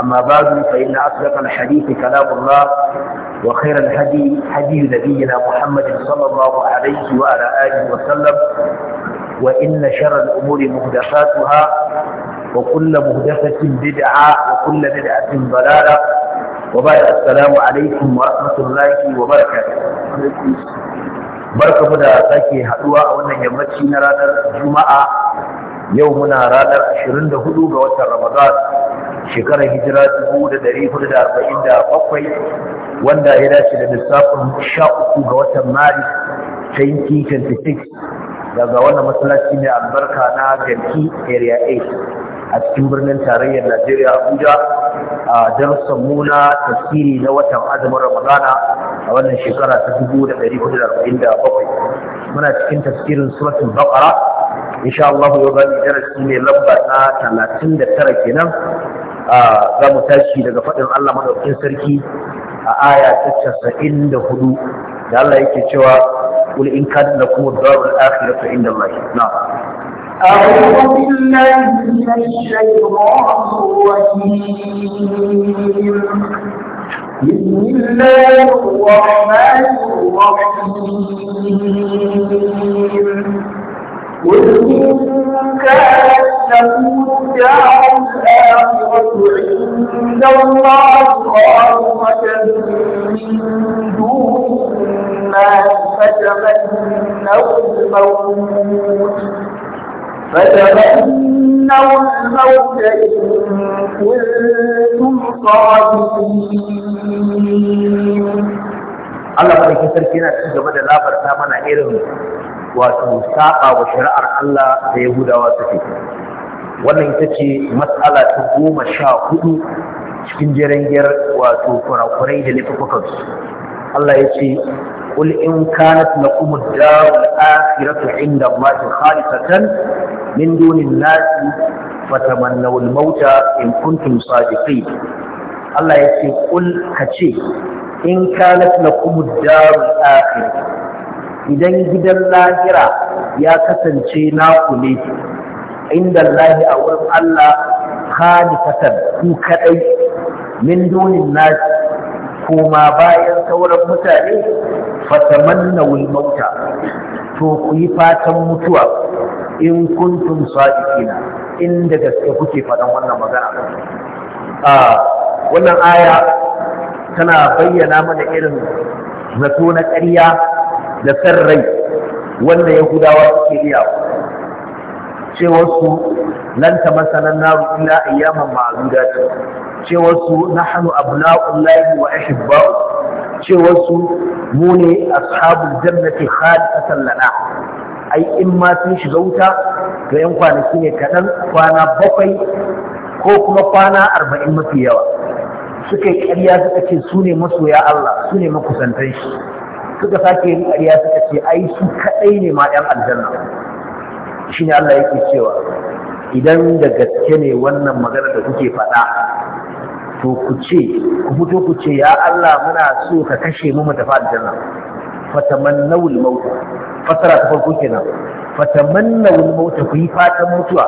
أما بعد فإن أصدق الحديث كلام الله وخير الهدي هدي نبينا محمد صلى الله عليه وعلى آله وسلم وإن شر الأمور مهدفاتها وكل مهدفة بدعة وكل بدعة ضلالة وبعد السلام عليكم ورحمة الله وبركاته barka mu da sake haduwa a wannan yammaci na ranar juma'a yau muna ranar 24 ga watan ramadan shekarar hijira 1447 wanda ya dace da lissafin sha uku ga watan maris 2026 daga wannan masallaci mai albarka na ganti area 8 a cikin birnin tarayyar najeriya abuja a darussan muna tasiri na watan azumin ramadana a wannan shekara ta 1447 muna cikin tafsirin suratun baqara insha Allah yau darasi ne lamba na 39 kenan za mu tashi daga faɗin Allah maɗaukin sarki a aya ta casa'in da hudu da Allah yake cewa kul in kan da kuma darul akhirah fa inda Allah na أعوذ بالله من الشيطان الرجيم بسم الله الرحمن الرحيم كانت له دار الآخرة عند الله خالصة من دون الناس فتمنوا الموت فتمنوا الموت إن كنتم صادقين. Allah bai kasance yana ci gaba da labarta mana irin wato saƙa wa shari'ar Allah da Yahudawa suke. Wannan ita ce matsala ta goma sha hudu cikin jirangiyar wato kurakurai da nufafakar Allah ya ce, Kul in kanat na kuma dawo da akiratu inda mace halifatan min donin nasi fataman na wulmauta in kuntum sadiqi. Allah ya ce, ce, in kanat na kuma dawo da akiratu idan gidan lahira ya kasance naku ne inda lahi a wurin Allah khalifatan ku kaɗai? min dunin nasi koma bayan sauran mutane fatamanna wal mauta to ku yi fatan mutuwa in kuntum sadiqina in da gaske kuke faɗan wannan magana a wannan aya tana bayyana mana irin zato na ƙarya da san rai wanda yahudawa suke iya cewarsu lan ta masanan naru illa ayyaman ma'adudat cewarsu nahnu abna'ullahi wa ahibba'u cewarsu mu ne ashabul jannati khalifatan lana ai in ma sun shiga wuta ga yan kwanaki ne kaɗan kwana bakwai ko kuma kwana arba'in mafi yawa suka yi ƙarya suka ce su ne masoya Allah su ne makusantan shi suka sake yin ƙarya suka ce ai su kaɗai ne ma ɗan aljanna shine Allah yake cewa idan da gaske ne wannan magana da kuke faɗa to ku ce ku fito ku ce ya Allah muna so ka kashe mu mu tafi aljanna fatamannawul maut fasara ta farko kenan fatamannawul maut ku yi fatan mutuwa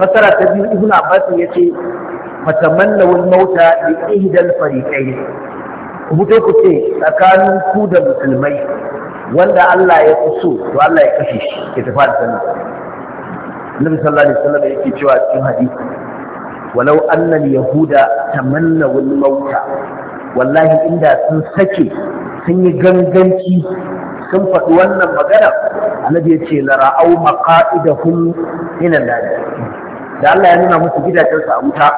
fasara ta biyu ibnu abbas yace fatamannawul maut li ihdal fariqayn ku fito ku ce tsakanin ku da musulmai wanda Allah ya fi so to Allah ya kashe shi ke tafa da sanin Annabi sallallahu alaihi wasallam yake cewa cikin hadisi walau annal yahuda tamannaw al-mauta wallahi inda sun sake sun yi ganganci sun faɗi wannan magana annabi ya ce la ra'au maqa'idahum min an-nar da Allah ya nuna musu gidajensu a wuta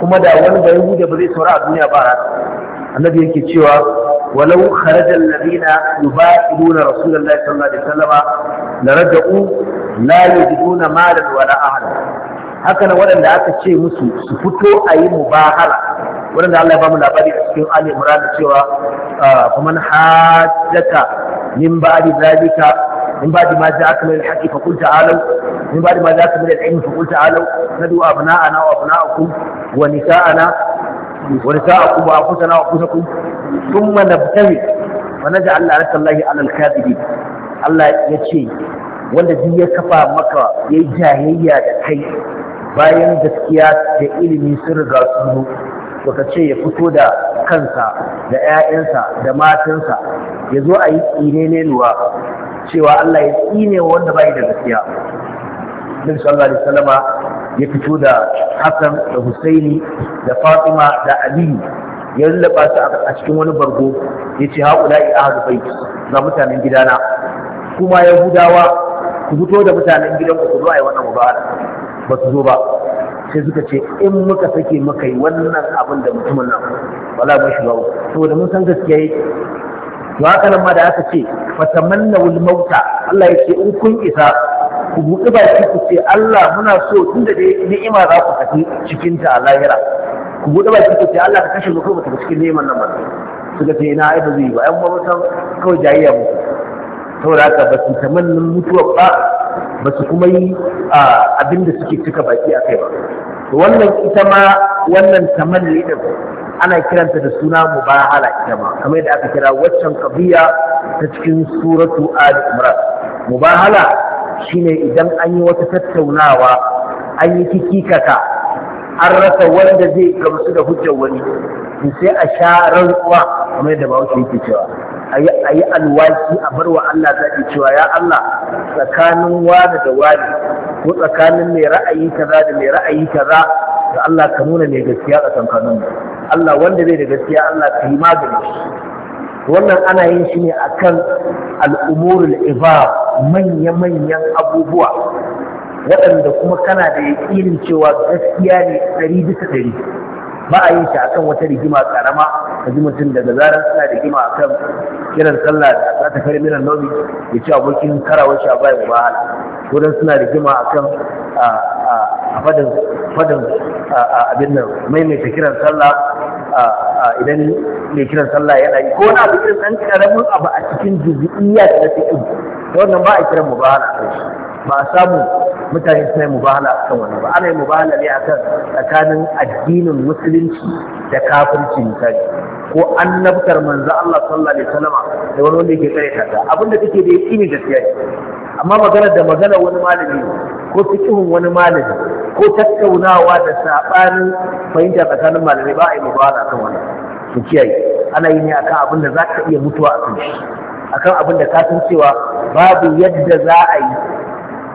kuma da wani da Yahuda ba zai saura a duniya ba rana annabi yake cewa walau kharaja alladhina yubatiluna rasulullahi sallallahu alaihi wasallama la raja'u la yajiduna malan wala ahla haka nan waɗanda aka ce musu su fito ayi yi mubahala waɗanda Allah ya bamu labari a cikin Ali Imran cewa kuma ah, faman hajjaka min ba'di zalika min ba'di ma ja'aka min al-haqqi fa qul ta'alu min ba'di ma ja'aka min al-ilmi fa qul ta'alu nadu abna'ana wa abna'akum wa nisa'ana Wani a kusa ونساء أقوم أنفسنا وأنفسكم ثم Allah ونجعل Allah الله على Allah ya ce wanda duk ya kafa maka ya yi jayayya da kai bayan gaskiya da ilimin sun riga su to ka ce ya fito da kansa da 'ya'yansa da matansa ya zo a yi tsine ne cewa Allah ya tsine wanda bai da gaskiya nabi sallallahu alaihi wasallam ya fito da Hassan da Husaini da Fatima da Ali ya lullaba su a cikin wani bargo ya ce haƙula ahadu bai ga mutanen gidana kuma yahudawa ku fito da mutanen gidan ku zo ai wannan mubarak ba su zo ba sai suka ce in muka sake maka yi wannan abin da mutumin nan wala mun To saboda mun san gaskiya yake to haka nan ma da aka ce fatamanna wal mauta Allah ya ce in kun isa ku buɗe baki ku ce Allah muna so tun da ni'ima za ku tafi cikin ta a lahira ku buɗi baki ku ce Allah ka kashe mu kuma ta cikin ni'imar nan ba su ga ina ai ba zai ba ai mun san kawai jayayya mu saboda haka ba su tamannin mutuwa ba ba su kuma yi abin da suke cika baki a kai ba wannan ita ma wannan tamanni din ana kiranta da suna mubahala ita ma kamar yadda aka kira waccan kabiya ta cikin suratu ali imran mubahala ne idan an yi wata tattaunawa an yi kikikata an rasa wanda zai gamsu da hujjar wani sai a sha rantsuwa kamar yadda bawo yake cewa a yi alwaki a bar wa Allah zaɓi cewa ya Allah tsakanin wani da wani ko tsakanin mai ra'ayi kaza da mai ra'ayi kaza da Allah ka nuna mai gaskiya a tsakanin Allah wanda zai da gaskiya Allah ka yi magani wannan ana yin shi ne akan al'umurul ibar manya-manyan abubuwa waɗanda kuma kana da yaƙinin cewa gaskiya ne ɗari bisa ɗari ba a yin shi akan wata rigima karama ka ji mutum daga zarar suna rigima akan kiran sallah da za ta kare minan nomi ya ci abokin karawar shi a bayan wahala ko suna rigima akan a fadin fadin abin nan maimaita kiran sallah idan mai kiran sallah yana yi ko na bikin ɗan ƙaramin abu a cikin jubi'iyya da fiƙi ta wannan ba a kiran mubahala ba a samu mutane suna mubahala a wannan ba ana yin mubahala ne akan tsakanin addinin musulunci da kafirci misali ko annabtar manzo Allah sallallahu alaihi da wani wanda yake tsare ta abinda kake da yaki ne gaskiya amma magana da magana wani malami ko fikihun wani malami ko tattaunawa da sabanin fahimta tsakanin malamai ba a yi mubala kan wannan su kiyaye ana yi ne akan abin da za ka iya mutuwa a kan shi akan abin da ka cewa babu yadda za a yi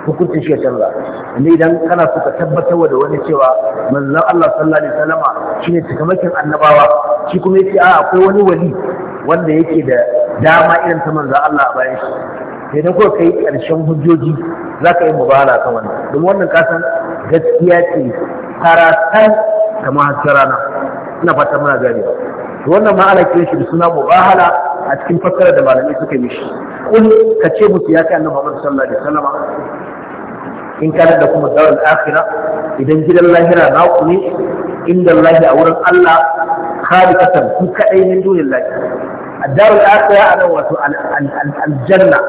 hukuncin shi ya canza inda idan kana so ka tabbatar da wani cewa manzon Allah sallallahu alaihi wasallama shine cikamakin annabawa shi kuma yace a akwai wani wali wanda yake da dama irin ta manzon Allah a bayan shi sai na kuwa kai karshen hujjoji za ka yi mubala kan wannan don wannan kasan gaskiya ce haratan kama hasken rana ina fata muna gane to wannan ma'ana ke shi da suna mubahala a cikin fassara da malamai suka yi shi kun ka ce musu ya kai annabi Muhammad sallallahu alaihi wasallam in kana da kuma dawal akhira idan gidan lahira na ku ne inda lahi a wurin Allah khaliqatan ku kadai min dunillahi addarul akhira nan wato aljanna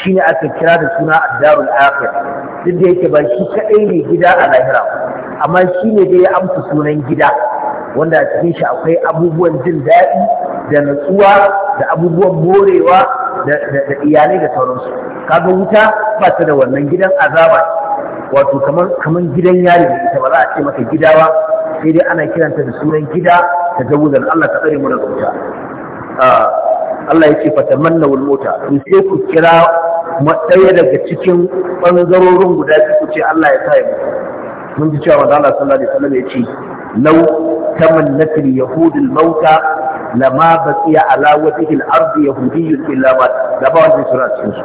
shine aka kira da suna addarul akhira duk yake ba shi kadai ne gida a lahira amma shine dai ya amsa sunan gida wanda a cikin shi akwai abubuwan jin daɗi da natsuwa da abubuwan morewa da iyalai da sauransu kaga wuta ba ta da wannan gidan azaba wato kamar gidan yari da ita ba za a ce maka gidawa sai dai ana kiranta da sunan gida ta gawuzan Allah ka tsare mu daga wuta Allah yake manna wal mota in sai ku kira ɗaya daga cikin bangarorin guda biyu ku ce Allah ya sa ya mutu mun ji cewa Allah sallallahu alaihi wasallam ya ce law tamannat al yahud mauta lama baqiya ala wajhil ardi yahudiyyu illa ma da ba wannan sura cikin su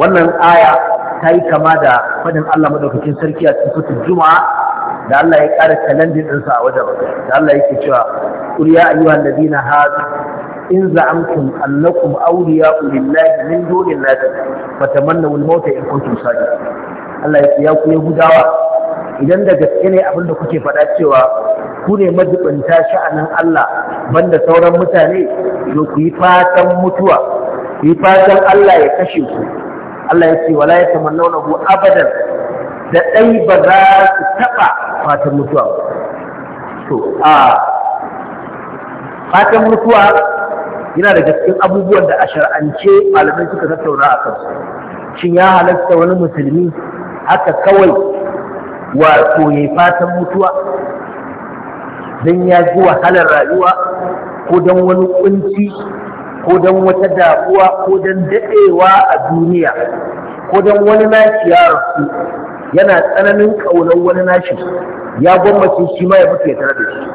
wannan aya ta yi kama da fadin Allah madaukakin sarki a cikin sutun juma'a da Allah ya ƙara kalandin ɗinsa a wajen da Allah yake cewa qul ya ayyuhal ladina hadu in za'amtum annakum awliya'u lillahi min dunin nas fatamannaw al-mauta in kuntum sadiqin Allah yake ya ku yahudawa idan da gaske ne abin da kuke faɗa cewa ku ne sha'anin Allah banda sauran mutane to ku yi fatan mutuwa ku yi fatan Allah ya kashe ku Allah ya ce wala ya tamannawna hu abadan da ɗai ba za su taɓa fatan mutuwa to a fatan mutuwa yana da cikin abubuwan da a shar'ance malamai suka tattauna a kansu shin ya halatta wani musulmi haka kawai wato ya fatan mutuwa don ya ji wahalar rayuwa ko don wani kunci ko don wata da'uwa ko don daɗewa a duniya ko don wani nashi ya rasu yana tsananin ƙaunar wani nashi ya gwammace shi ma ya mutu ya tare da shi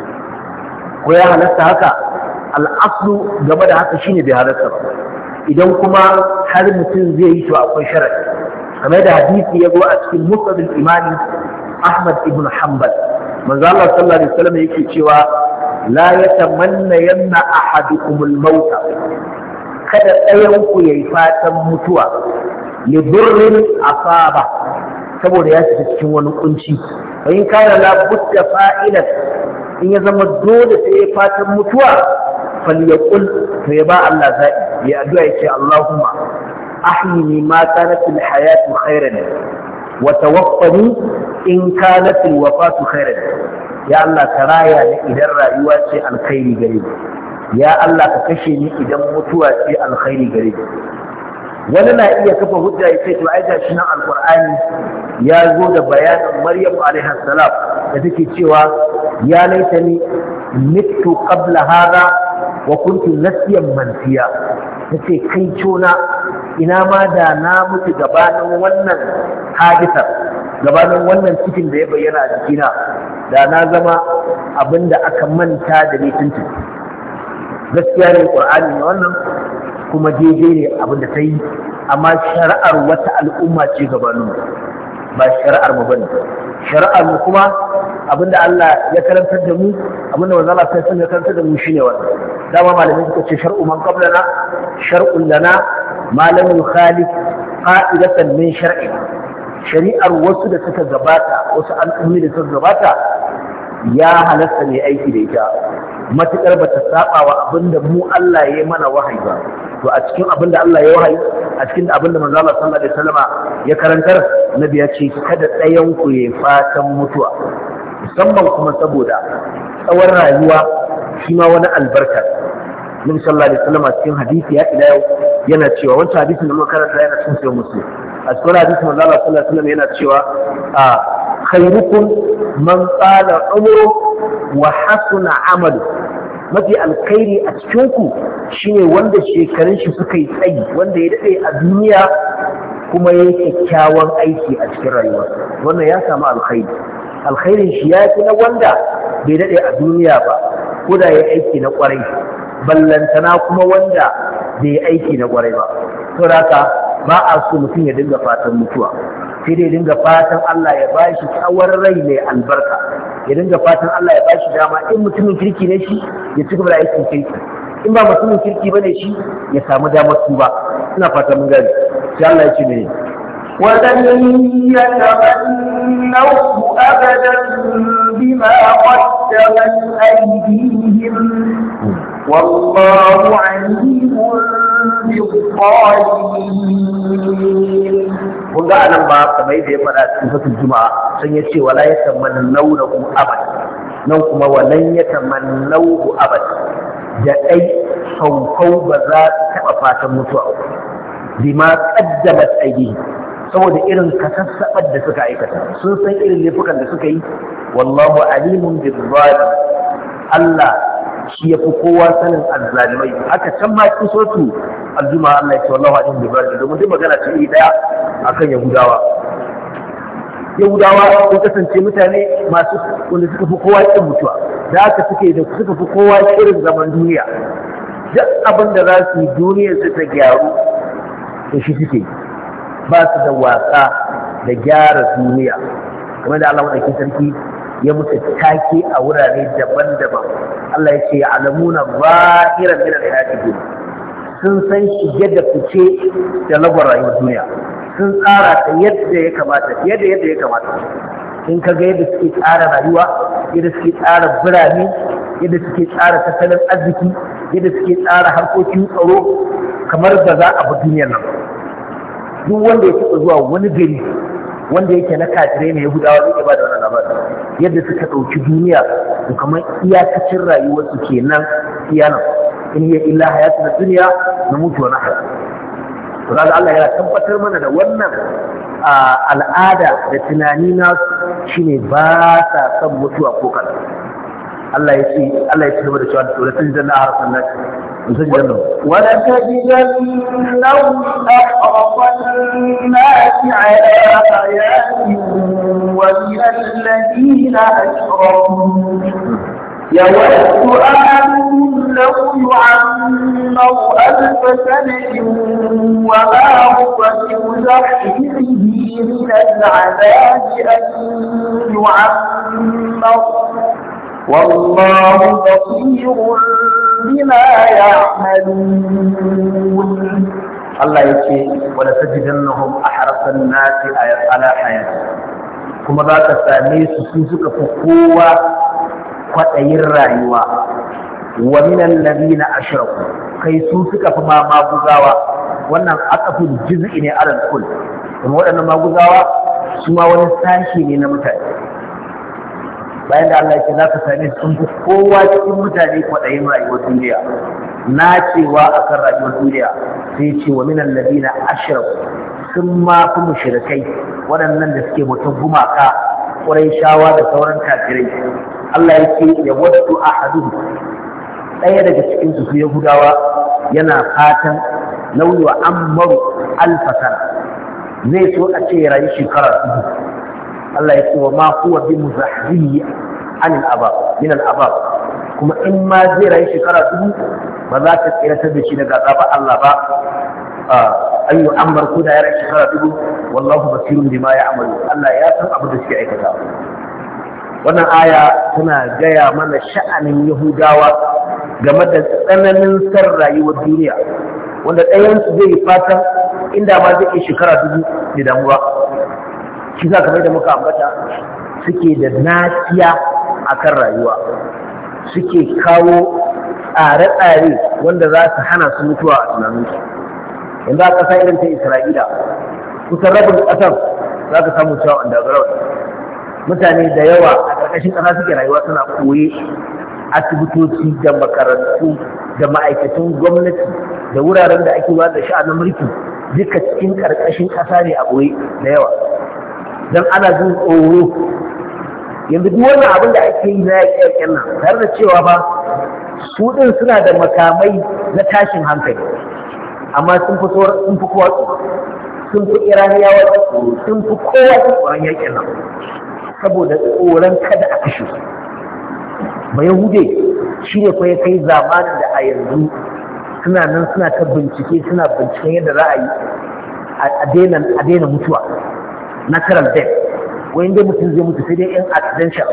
ko ya halasta haka al'aslu game da haka shine bai halarta ba idan kuma har mutum zai yi to akwai sharadi kamar da hadisi ya zo a cikin musnadul imani ahmad ibn hanbal manzo Allah sallallahu alaihi wasallam yake cewa la yatamanna yanna ahadukumul mauta kada ɗayan ku yayi fatan mutuwa ya li a asaba saboda ya shiga cikin wani kunci fa in kana la budda fa'ilan in ya zama dole sai ya fatan mutuwa falyaqul to ya ba Allah zai ya addu'a yace Allahumma ahyini ma kanat al hayatu khairan Wata tawaffani in kanat alwafatu khairan ya Allah ka raya ni idan rayuwa ce alkhairi gare ni ya Allah ka kashe ni idan mutuwa ce alkhairi gare ni wani na iya kafa hujja ya ce to ai shi nan alqur'ani ya zo da bayanin maryam alaiha salam da take cewa ya laitani mittu qabla hara wa kuntu nasiyan mantiya tace kai cona ina ma da na mutu gabanin wannan hadisar gabanin wannan cikin da ya bayyana a jikina da na zama abin da aka manta da ni tuntun gaskiya ne qur'ani ne wannan kuma daidai ne abin da ta yi amma shari'ar wata al'umma ce gabanin ba shari'ar mu bane shari'ar mu kuma abinda Allah ya karantar da mu abinda manzo Allah sai ya karantar da mu shine wannan dama malamai suka ce shar'u man qablana shar'un lana ma lam yukhalif qa'idatan min shar'i shari'ar wasu da suka gabata wasu al'ummi da suka gabata ya halarta ne aiki da ita matukar bata saba wa abinda mu Allah ya yi mana wahayi ba to a cikin abin da Allah ya wahayi a cikin abin da manzo Allah sallallahu alaihi wasallama ya karantar nabi ya ce kada ɗayan ku ya fatan mutuwa musamman kuma saboda tsawon rayuwa shi ma wani albarka nabi sallallahu alaihi wasallama cikin hadisi ya ila yau yana cewa wancan hadisin da muka karanta yana cikin sai musulmi. a cikin hadisin manzo Allah sallallahu alaihi wasallama yana cewa a khairukum man qala umru wa hasuna amalu mafi alkhairi a cikinku shine wanda shekarun shi suka yi tsayi wanda ya daɗe a duniya kuma ya yi kyakkyawan aiki a cikin rayuwa wannan ya samu alkhairi alkhairin shi ya fi na wanda bai daɗe a duniya ba ko da ya aiki na ƙwarai ballantana kuma wanda bai aiki na ƙwarai ba saboda haka ba a so mutum ya dinga fatan mutuwa sai dai dinga fatan Allah ya ba shi kyawar rai mai albarka ya dinga fatan Allah ya ba shi dama in mutumin kirki ne shi ya ci gaba da aikin kirki in ba mutumin kirki ba ne shi ya samu damar tuba ina fatan mun gani sai Allah ya ce mene ولن يتمنوه أبدا بما قدمت أيديهم hmm. والله عليم kun ga anan ba kamar yadda ya faɗa cikin fasul juma'a sun yace wala yatamannawnahu abad nan kuma walan yatamannahu abad da dai haukau ba za su taɓa fatan mutuwa bima qaddamat aydihim saboda irin kasassabar da suka aikata sun san irin laifukan da suka yi wallahu alimun bil Allah shi ya fi kowa sanin azzalimai haka can ma ki sotu aljuma Allah ya ce wallahu alim bi bari domin duk magana ce iri daya akan yahudawa yahudawa sun kasance mutane masu wanda suka fi kowa kin mutuwa da aka suke da suka fi kowa irin zaman duniya duk abin da za su yi duniyar su ta gyaru da shi suke ba su da wasa da gyara duniya kamar da Allah wadda sarki ya musu take a wurare daban-daban Allah ya ce ya alamuna zahiran min al-hayati dunya sun san shige da fice da lagwar rayuwar duniya sun tsara ta yadda ya kamata yadda yadda ya kamata in ka ga yadda suke tsara rayuwa yadda suke tsara birane yadda suke tsara tattalin arziki yadda suke tsara harkokin tsaro kamar da za a bi duniyar nan duk wanda ya taɓa zuwa wani gari wanda yake na kafirai ne yahudawa zai ba da wannan labarin yadda suka ɗauki duniya to kamar iyakacin rayuwarsu kenan iyanan in hiya illa hayatu na duniya na mutuwa na haya to kaga Allah yana tabbatar mana da wannan al'ada da tunani nasu shine ba sa son mutuwa ko kaza الله ya ce Allah ya ci gaba da cewa to la tanjanna harsan nas أحرص الناس على حياة ومن الذين أشركوا يود أحدهم لو يعمر ألف سنة وما هو بمزحزحه من العذاب أن يعمر والله بصير بما يعملون Allah ya ce wadda ta jidan na hum a harafin nasi a yatsala hayar kuma za ka same su su suka fi kowa kwaɗayin rayuwa wa minan na ashraku kai su suka fi ma maguzawa wannan akafin jiz'i ne alal kul kuma waɗannan maguzawa su wani sashe ne na mutane bayan da Allah ce za ka same sun fi kowa cikin mutane kwaɗayin rayuwar duniya na cewa akan rayuwar duniya sai ce wa minan ladina ashraf sun ma fi mushrikai waɗannan da suke mutum gumaka ƙurai shawa da sauran kafirai Allah yake ya wasu ahadu ɗaya daga cikin su Yahudawa yana fatan an maru alfasara zai so a ce ya rayu shekarar Allah ya ce wa ma huwa bi muzahzihi an abab min abab kuma in ma zai rayu shekara dubu ba za ta tsiratar da shi daga azabar Allah ba an yi ammar da ya rayu shekara dubu wallahu basirun bima ya'malu Allah ya san abin da suke aikata wannan aya tana gaya mana sha'anin Yahudawa game da tsananin san rayuwar duniya wanda ɗayansu zai yi fatan inda ma zai iya shekara dubu da damuwa shi za kamar da muka ambata suke da naciya a kan rayuwa suke kawo tsare-tsare wanda za su hana su mutuwa a tunaninsu yanzu a ƙasa irin ta isra'ila kusan rabin ƙasar za ka samu cewa underground mutane da yawa a ƙarƙashin ƙasa suke rayuwa suna koye asibitoci da makarantu da ma'aikatan gwamnati da wuraren da ake ba da sha'anin mulki duka cikin ƙarƙashin ƙasa ne a koye da yawa don ana jin tsoro yanzu duk wannan abin da ake yi na yaƙi yaƙen nan tare da cewa ba su ɗin suna da makamai na tashin hankali amma sun fi sun fi kowa tsoro sun fi iraniyawa tsoro sun fi kowa tsoron yaƙi nan saboda tsoron kada a kashe su ba yahude shi ne ya kai zamanin da a yanzu suna nan suna ta bincike suna binciken yadda za a yi a daina mutuwa natural death wayan inda mutum zai mutu sai dai in accidental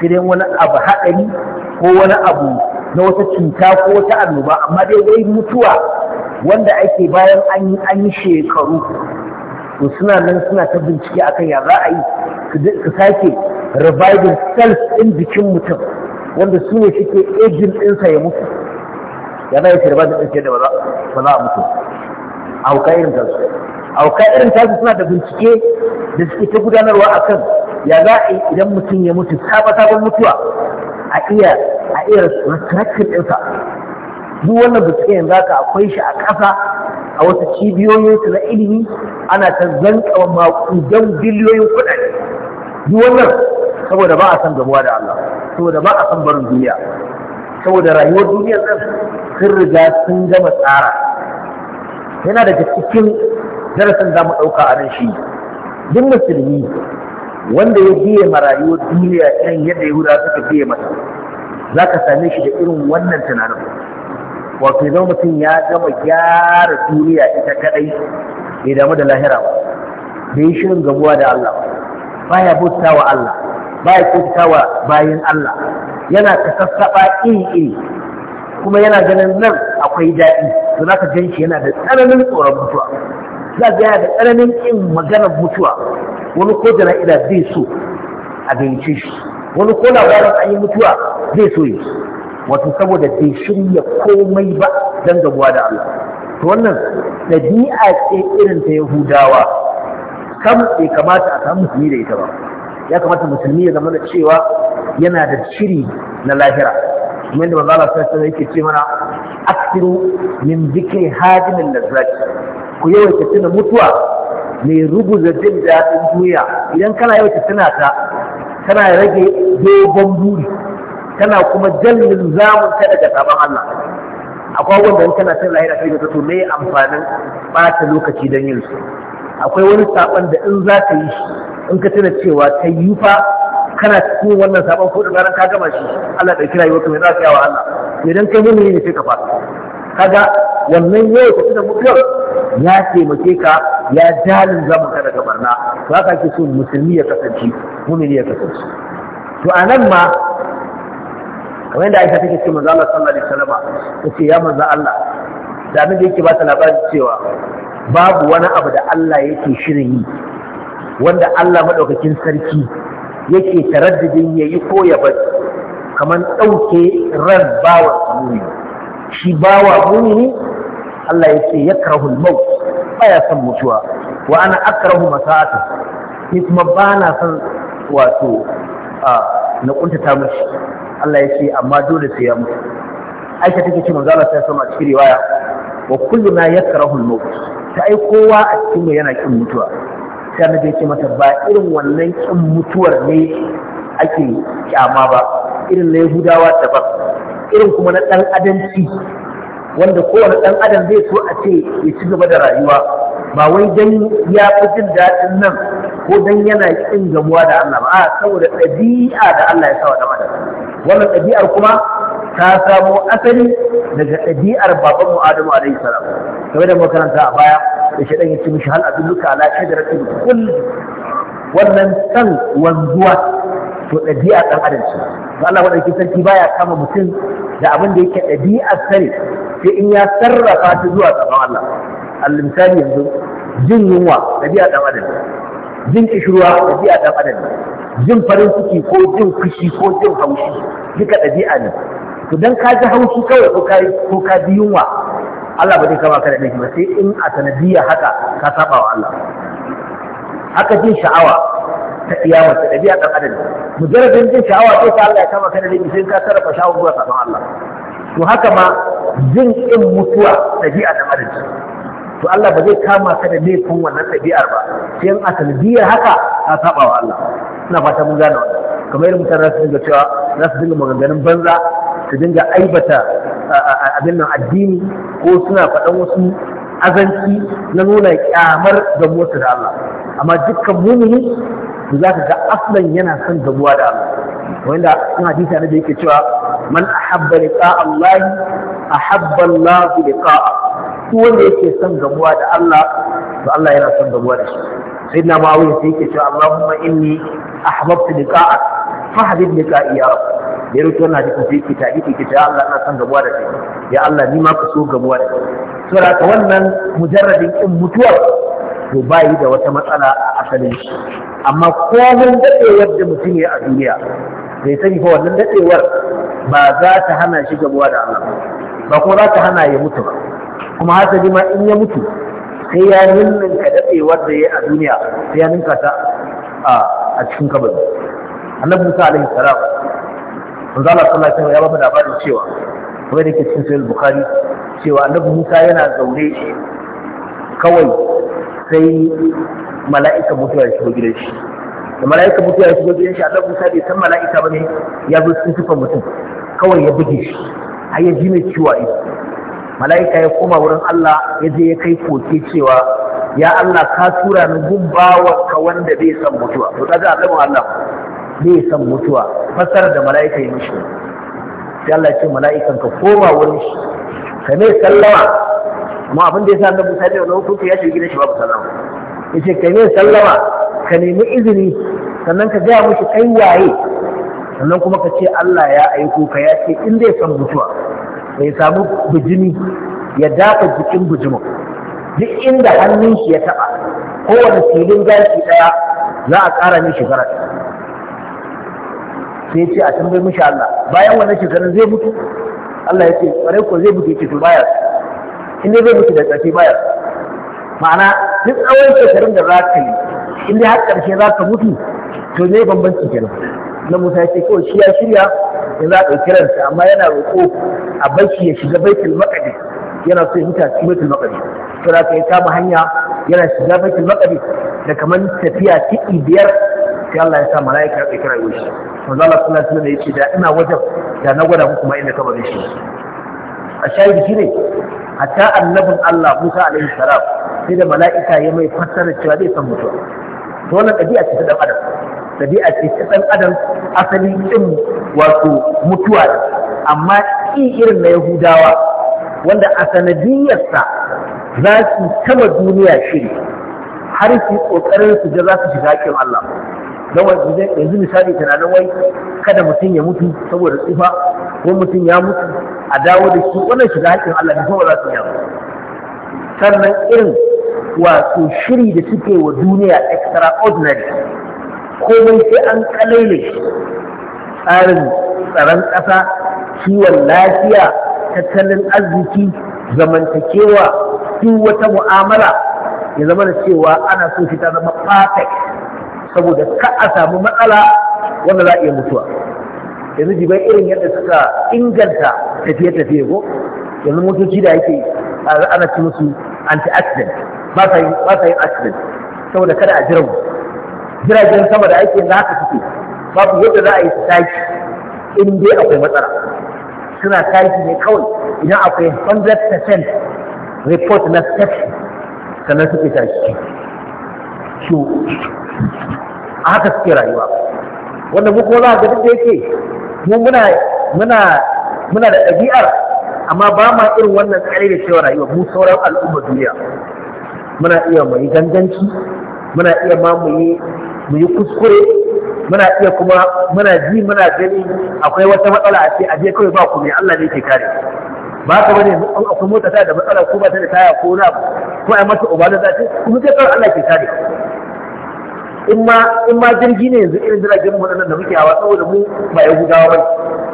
sai dai wani abu haɗari ko wani abu na wata cuta ko wata annoba amma dai wai mutuwa wanda ake bayan an yi shekaru to suna nan suna ta bincike akan ya za a yi su sake reviving cells ɗin jikin mutum wanda su ne suke aging ɗinsa ya mutu ya na yi shirba da ɗinsa da ba za a mutu a irin auka irin tasu suna da bincike da suke ta gudanarwa akan ya za a yi idan mutum ya mutu saba sabon mutuwa a iya a iya rikirakir ɗinsa duk wannan bincike yanzu haka akwai shi a ƙasa a wasu cibiyoyin su na ilimi ana ta zanka maƙudan biliyoyin kuɗaɗe duk wannan saboda ba a san gamuwa da Allah saboda ba a san barin duniya saboda rayuwar duniya nan sun riga sun gama tsara yana daga cikin darasin za mu ɗauka a nan shi duk musulmi wanda ya biye ma duniya irin yadda yahuda suka biye masa za ka same shi da irin wannan tunanin wato zama mutum ya gama gyara duniya ita kadai ya damu da lahira ba yi shirin gabuwa da Allah Ba ya bauta wa Allah Ba ya kyauta wa bayan Allah yana kasassaɓa iri-iri kuma yana ganin nan akwai daɗi to za ka gan shi yana da tsananin tsoron mutuwa za a yana da tsananin yin maganar mutuwa wani ko jana'ida zai so a gayyace shi wani ko labarin an yi mutuwa zai so yi wato saboda bai shirya komai ba don gabuwa da Allah to wannan ɗabi'a ce irin ta Yahudawa kam bai kamata a samu musulmi da ita ba ya kamata musulmi ya zama da cewa yana da shiri na lahira kuma yadda ba za a alaihi yake ce mana aksiru min zikri hadimin lazzati ku yawaita tuna mutuwa mai da jin daɗin duniya idan kana yawaita tuna ta tana rage dogon buri tana kuma jallin zamun ta daga sabon Allah akwai wanda in kana tun lahira kai da to me amfanin bata lokaci don yin su akwai wani sabon da in za ka yi shi in ka tuna cewa ta yi fa kana cikin wannan sabon ko da ka gama shi Allah ɗauki rayuwar ka mai za ka yawa Allah idan kai mun ne sai ka fara. kaga wannan yau tafi da mutuwar ya taimake ka ya jalin zaman ka barna to haka ake so musulmi ya kasance mumini ya kasance to a nan ma kamar yadda Aisha take ce manzo Allah sallallahu alaihi wasallam ce ya manzo Allah da annabi yake ba ta labarin cewa babu wani abu da Allah yake shirin yi wanda Allah madaukakin sarki yake taraddadin yayi ko ya bari kamar ɗauke ran bawa mumini shi bawa mumini Allah ya ce ya yakrahul maut baya son mutuwa wa ana akrahu masata ni kuma ba na son wato na kuntata mushi Allah ya ce amma dole sai ya mutu aisha take ce manzo Allah sai sama cikin riwaya wa kullu ma yakrahu al-maut ta ai kowa a cikin mu yana kin mutuwa sai annabi ya ce mata ba irin wannan kin mutuwar ne ake kyama ba irin na Yahudawa daban irin kuma na ɗan adamci wanda kowane ɗan adam zai so a ce ya ci gaba da rayuwa ba wai dan ya fi jin daɗin nan ko dan yana ƙin gamuwa da Allah ba a saboda ɗabi'a da Allah ya sa wa ɗan wannan ɗabi'ar kuma ta samo asali daga ɗabi'ar baban mu Adamu alaihi salam game da makaranta a baya da shi ɗan ya ci mishi hal abin duka ala shajaratul khuld wannan san wanzuwa to ɗabi'a ɗan adam ce to Allah madaukakin sarki baya kama mutum da abin da yake ɗabi'ar sare sai in ya sarrafa ta zuwa tsaron Allah al-misali yanzu jin yunwa ɗabi'a ɗan adam jin kishirwa ɗabi'a ɗan adam jin farin ciki ko jin fushi ko jin haushi duka ɗabi'a ne to dan ka ji haushi kawai ko ka ko ka ji yunwa Allah ba zai kama ka da ɗabi'a sai in a sanadiyya haka ka saba wa Allah haka jin sha'awa ta kiyama ta ɗabi'a ɗan adam mujarradin jin sha'awa sai ta Allah ya kama ka da sai ka sarrafa sha'awar zuwa sabon Allah to haka ma jin ƙin mutuwa ɗabi'a ɗan adam to Allah ba zai kama ka da laifin wannan ɗabi'ar ba sai in a sanadiyar haka ta saba wa Allah ina fata mun gane wannan kamar irin mutane za su dinga cewa za su dinga maganganun banza su dinga aibata abin nan addini ko suna faɗan wasu azanci na nuna kyamar gamuwarsa da Allah amma dukkan mumini da za ka ga aslan yana son gabuwa da Allah wanda sun hadisi da yake cewa man ahabba liqa Allah ahabba Allah liqa su wanda yake son gabuwa da Allah to Allah yana son gabuwa da shi sayyidina Muawiya sai yake cewa Allahumma inni ahbabtu liqa'ak fahdid liqa'i ya rabb da yaro tana na kuma sai yake ta yake cewa Allah na son gabuwa da kai ya Allah ni ma ka so gamuwa da kai saboda wannan mujarradin in mutuwar to bayi da wata matsala a asalin shi amma komin daɗewar da mutum ya a duniya bai sani fa wannan daɗewar ba za ta hana shi gabuwa da Allah ba kuma za ta hana ya mutu ba kuma hasali ma in ya mutu sai ya ninninka daɗewar da ya a duniya sai ya ninka ta a cikin kabari annabi Musa alaihi salam manzo Allah sallallahu alaihi wasallam ya ba mu labarin cewa kuma da cikin sahih Bukhari cewa annabi Musa yana zaune kawai sai mala'ika mutuwa ya shigo gidan shi da mala'ika mutuwa ya shigo gidan shi annabi Musa bai san mala'ika bane ya zo cikin sifar mutum kawai ya buge shi har ya ji mai ciwa a mala'ika ya koma wurin Allah ya je ya kai koke cewa ya Allah ka tura ni gumba ka wanda bai san mutuwa to kaga annabi Allah bai san mutuwa fasar da mala'ika ya mishi sai Allah ya ce mala'ikan ka koma wurin shi ka mai sallama amma abin da ya sa annabi sai da wannan hukunci ya shiga gidan shi babu sallama yace ka sallama ka nemi izini sannan ka gaya mishi kai waye sannan kuma ka ce Allah ya aiko ka ya ce in zai san mutuwa bai samu bijimi ya dafa jikin bijimin duk inda hannun shi ya taba kowane filin gashi daya za a ƙara mishi garaɗi sai ce a tambayi mishi Allah bayan wannan shekarun zai mutu Allah ya ce kwarai ko zai mutu yake to baya in dai zai mutu da ƙarfi baya ma'ana duk tsawon shekarun da za ka yi in dai har ƙarshe za ka mutu to ne bambanci kenan na Musa ya ce kawai shi ya shirya ya za a ɗauki ransa amma yana roƙo a baki ya shiga baitul maqdis yana so ya mutu a cikin baitul maqdis to da ka ya kama hanya yana shiga baitul maqdis da kamar tafiya tiɗi biyar sai Allah ya sa mala'ika ya tsaki rayuwar shi manzo Allah sallallahu alaihi yace da ina wajen da na gwada muku ma inda ka bari shi a shi ne, hatta annabin Allah Musa alaihi salam sai da mala'ika ya mai fassara cewa zai san mutuwa to wannan ɗabi'a ce ta dan adam ɗabi'a ce ta dan adam asali din wato mutuwa amma ƙi irin na Yahudawa wanda a sanadiyarsa za su kama duniya shiri har su ƙoƙarin su ga za su shiga haƙƙin Allah don yanzu misali tunanin wai kada mutum ya mutu saboda tsufa ko mutum ya mutu a dawo da shi wannan shiga haƙƙin Allah ne saboda za su yi sannan irin wato shiri da suke wa duniya extraordinary komai sai an kalaile tsarin tsaron ƙasa kiwon lafiya tattalin arziki zamantakewa duk wata mu'amala ya zama da cewa ana so shi ta zama perfect saboda ka a samu matsala wanda za a iya mutuwa yanzu jibai irin yadda suka inganta tafiye-tafiye ko yanzu motoci da yake ana ci musu anti-accident ba sa yin accident saboda kada a jiran jiragen sama da ake yanzu haka suke babu yadda za a yi taki in dai akwai matsala suna taki ne kawai idan akwai 100% report na safety sannan suke taki a haka suke rayuwa wanda mu kuma za ga duk da yake mu muna da ɗabi'ar amma ba ma irin wannan tsari da cewa rayuwa mu sauran al'umma duniya muna iya mu yi ganganci muna iya ma mu yi kuskure muna iya kuma muna ji muna gani akwai wata matsala a ce a je kawai ba ku mai Allah ne ke kare ba ka bane an akwai mota ta da matsala ko ba ta da taya ko na ko ai masa ubala da ce kuma sai kar Allah ke tare in ma in ma jirgi ne yanzu irin jiragen mu da muke hawa saboda mu ba ya gudawa ba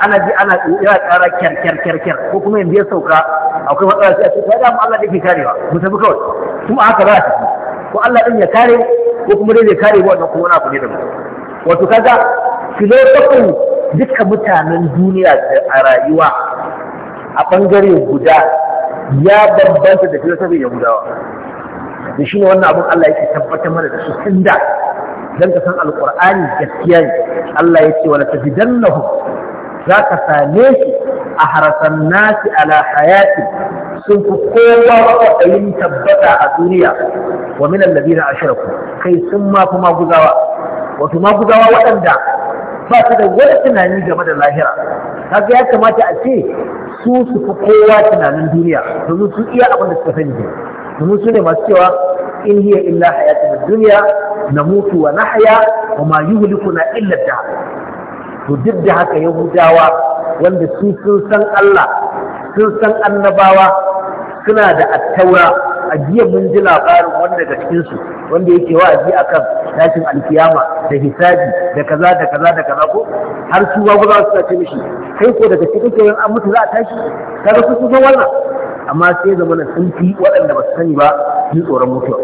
ana ji ana yana tsara kyar kyar kyar kyar ko kuma yanzu ya sauka akwai matsala sai a ce ya da Allah yake ke karewa mu tafi kawai kuma haka za a ko Allah din ya kare ko kuma dai zai kare wannan kuma na abu ne da mu wato kaga filosofin duka mutanen duniya a rayuwa a ɓangare guda ya bambanta da filosofin yahudawa da shi ne wannan abin Allah yake tabbatar mana da su tun da don ka san alƙur'ani gaskiya ne Allah ya ce wala tajidannahu za ka same su a harasan nasi ala hayati sun fi kowa kwaɗayin tabbata a duniya wa min alladhina ashraku kai sun ma fi maguzawa wato maguzawa waɗanda ba su da wani tunani game da lahira kaga ya kamata a ce su su fi kowa tunanin duniya domin su iya abin da suka sani ne domin su ne masu cewa in hiya illa hayatun duniya na mutu wa nahya wa ma yuhlikuna illa da to duk da haka yahudawa wanda su sun san Allah sun san annabawa suna da attaura a jiya mun ji labarin wanda daga cikinsu, wanda yake wa'azi akan tashin alkiyama da hisabi da kaza da kaza da kaza ko har su ba za su tace mishi kai ko daga cikin an mutu za a tashi kaga su su zo wannan amma sai zamana sun fi waɗanda ba su sani ba sun tsoron mutuwa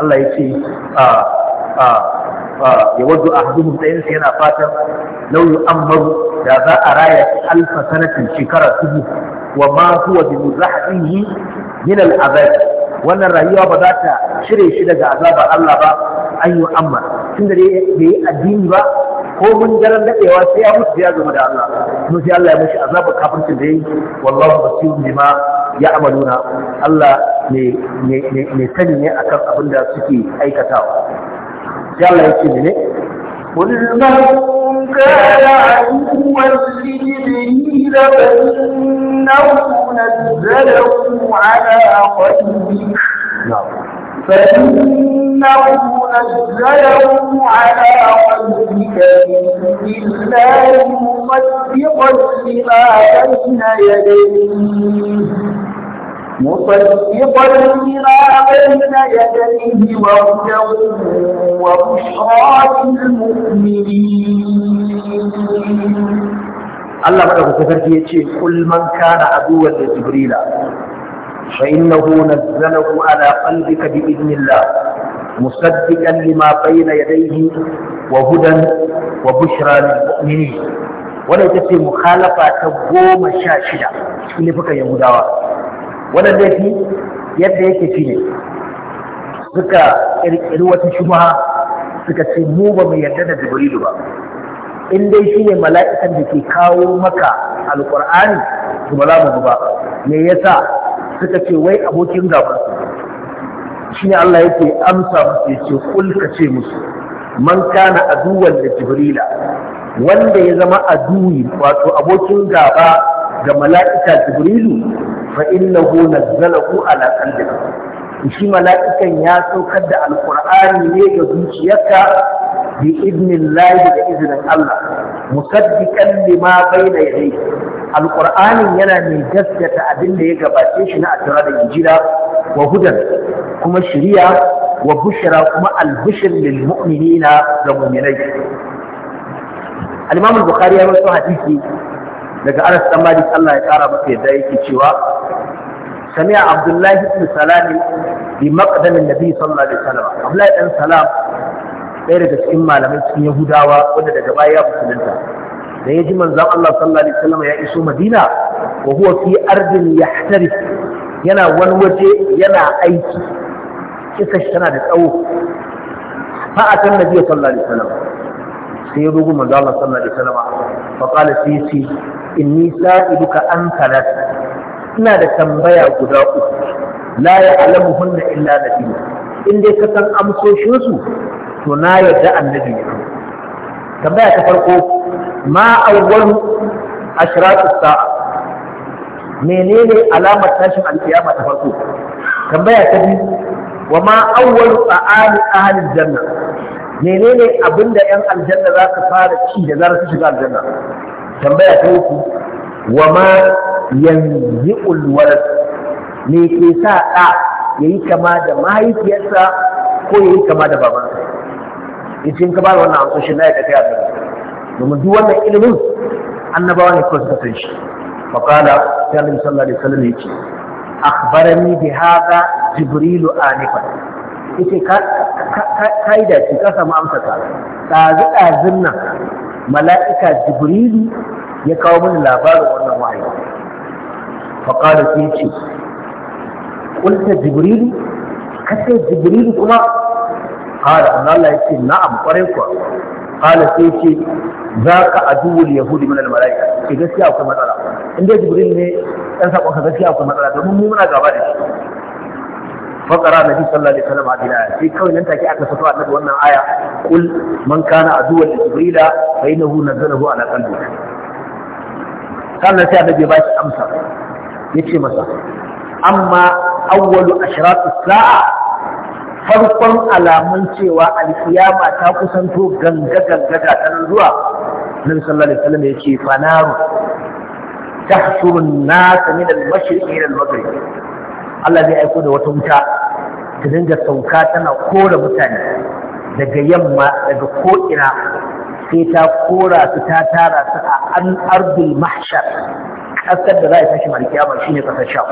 Allah ya ce a a a ya waddu ahaduhum dayansa yana fatan lauyi amaru da za a raya alfa sanatin shekara dubu wa ma huwa bi muzahihi min al'azab wannan rayuwa ba za ta cire shi daga azabar Allah ba an yi amma tun da bai yi addini ba ko mun daren daɗewa sai ya mutu ya zama da Allah kuma sai Allah ya mashi azabar kafircin da ya yi wallahu basirun bima ya amaluna Allah ne sani ne akan abin da suke aikatawa sai Allah ya ce ne ne كان عدوا لجبريل فإنه نزله على قلبك نعم. فإنه نزله على قلبك بإذن الله مصدقا لما بين يديه مصدقا لما بين يديه وهدى وبشرى للمؤمنين الله بدأ كفر فيه قل من كان عدوا لجبريل فإنه نزله على قلبك بإذن الله مصدقا لما بين يديه وهدى وبشرى للمؤمنين ولا تتم مخالفة تبوم الشاشة اللي فكا يهودا wannan laifi yadda yake shine suka ƙirƙiri wata shubha suka ce mu ba mu yarda da jibrilu ba in dai shine mala'ikan da ke kawo maka Alƙur'ani to ba za mu ba me yasa suka ce wai abokin gaban shine Allah yake amsa musu yace kul ka ce musu man kana aduwan da jibrila wanda ya zama aduwi wato abokin gaba ga mala'ika jibrilu fa innahu nazzalahu ala qalbika shi mala'ikan ya saukar da alqur'ani ne ga zuciyarka bi idnillahi da izinin Allah musaddiqan lima bayna yadayhi alqur'anin yana mai gaskata abin da ya gabace shi na atara da wa hudan kuma shiriya wa bushira, kuma albushin lil mu'minina ga mu'minai al bukhari ya rawaito hadisi daga Anas dan Malik Allah ya kara masa yadda yake cewa sami'a Abdullahi ibn Salam bi maqdam an-nabi sallallahu alaihi wasallam Abdullahi dan Salam ɗaya daga cikin malamai cikin Yahudawa wanda daga baya ya musulunta da ya ji manzon Allah sallallahu alaihi wasallam ya iso Madina wa huwa fi ardin yahtarif yana wani waje yana aiki kisa shi tana da tsawo fa'atan nabi sallallahu alaihi wasallam sai ya rugu manzo Allah sallallahu alaihi wasallam fa qala fi inni sa'iluka an salat ina da tambaya guda uku la ya'lamuhunna illa nabiy in dai ka san amsoshin su to na yadda annabi ne tambaya ta farko ma awwalu ashratu sa'a menene alamar tashin alkiyama ta farko tambaya ta biyu wa ma awwalu ta'ali ahli janna menene abinda yan aljanna za su fara ci da za su shiga aljanna tambaya ta uku wa ma yanzu ulwar me ke sa ɗa ya yi kama da mahaifiyarsa ko ya yi kama da babansa in ka ba da wannan amsoshin na ya tafiya da domin duk wannan ilimin annabawa ne kawai suka san shi faƙala ta alim sallallahu alaihi wasallam ce. akhbarani bi hadha jibrilu anifa yace ka ka ka ka samu amsa ta ɗazu ɗazun nan mala'ika jibrilu ya kawo mini labarin wannan wahayi faƙada sai ce ƙulta jibrilu kace jibrilu kuma ƙara Allah ya ce na ƙwarai kuwa ƙala sai ce za ka aduwul yahudi min al-mala'ika ce gaskiya akwai matsala Inda Jibrilu ne ɗan saƙon ka gaskiya akwai matsala domin mu muna gaba da shi fakara nabi sallallahu alaihi wasallam hadin aya sai kawai nan take aka fito annabi wannan aya kul man kana aduwwan li jibrila fa innahu nazzalahu ala qalbi sannan sai annabi ba shi amsa yace masa amma awwalu ashratu sa'a farkon alamun cewa alkiyama ta kusanto ganga ganga ta nan zuwa nabi sallallahu alaihi wasallam yace fanaru tahshurun nas min al-mashriqi ila al-maghrib Allah zai aiko da wata wuta ta dinga sauka tana kora mutane daga yamma daga ko'ina sai ta kora su ta tara su a an ardul mahshar ƙasar da za a tashi malkiyama shine ƙasar sha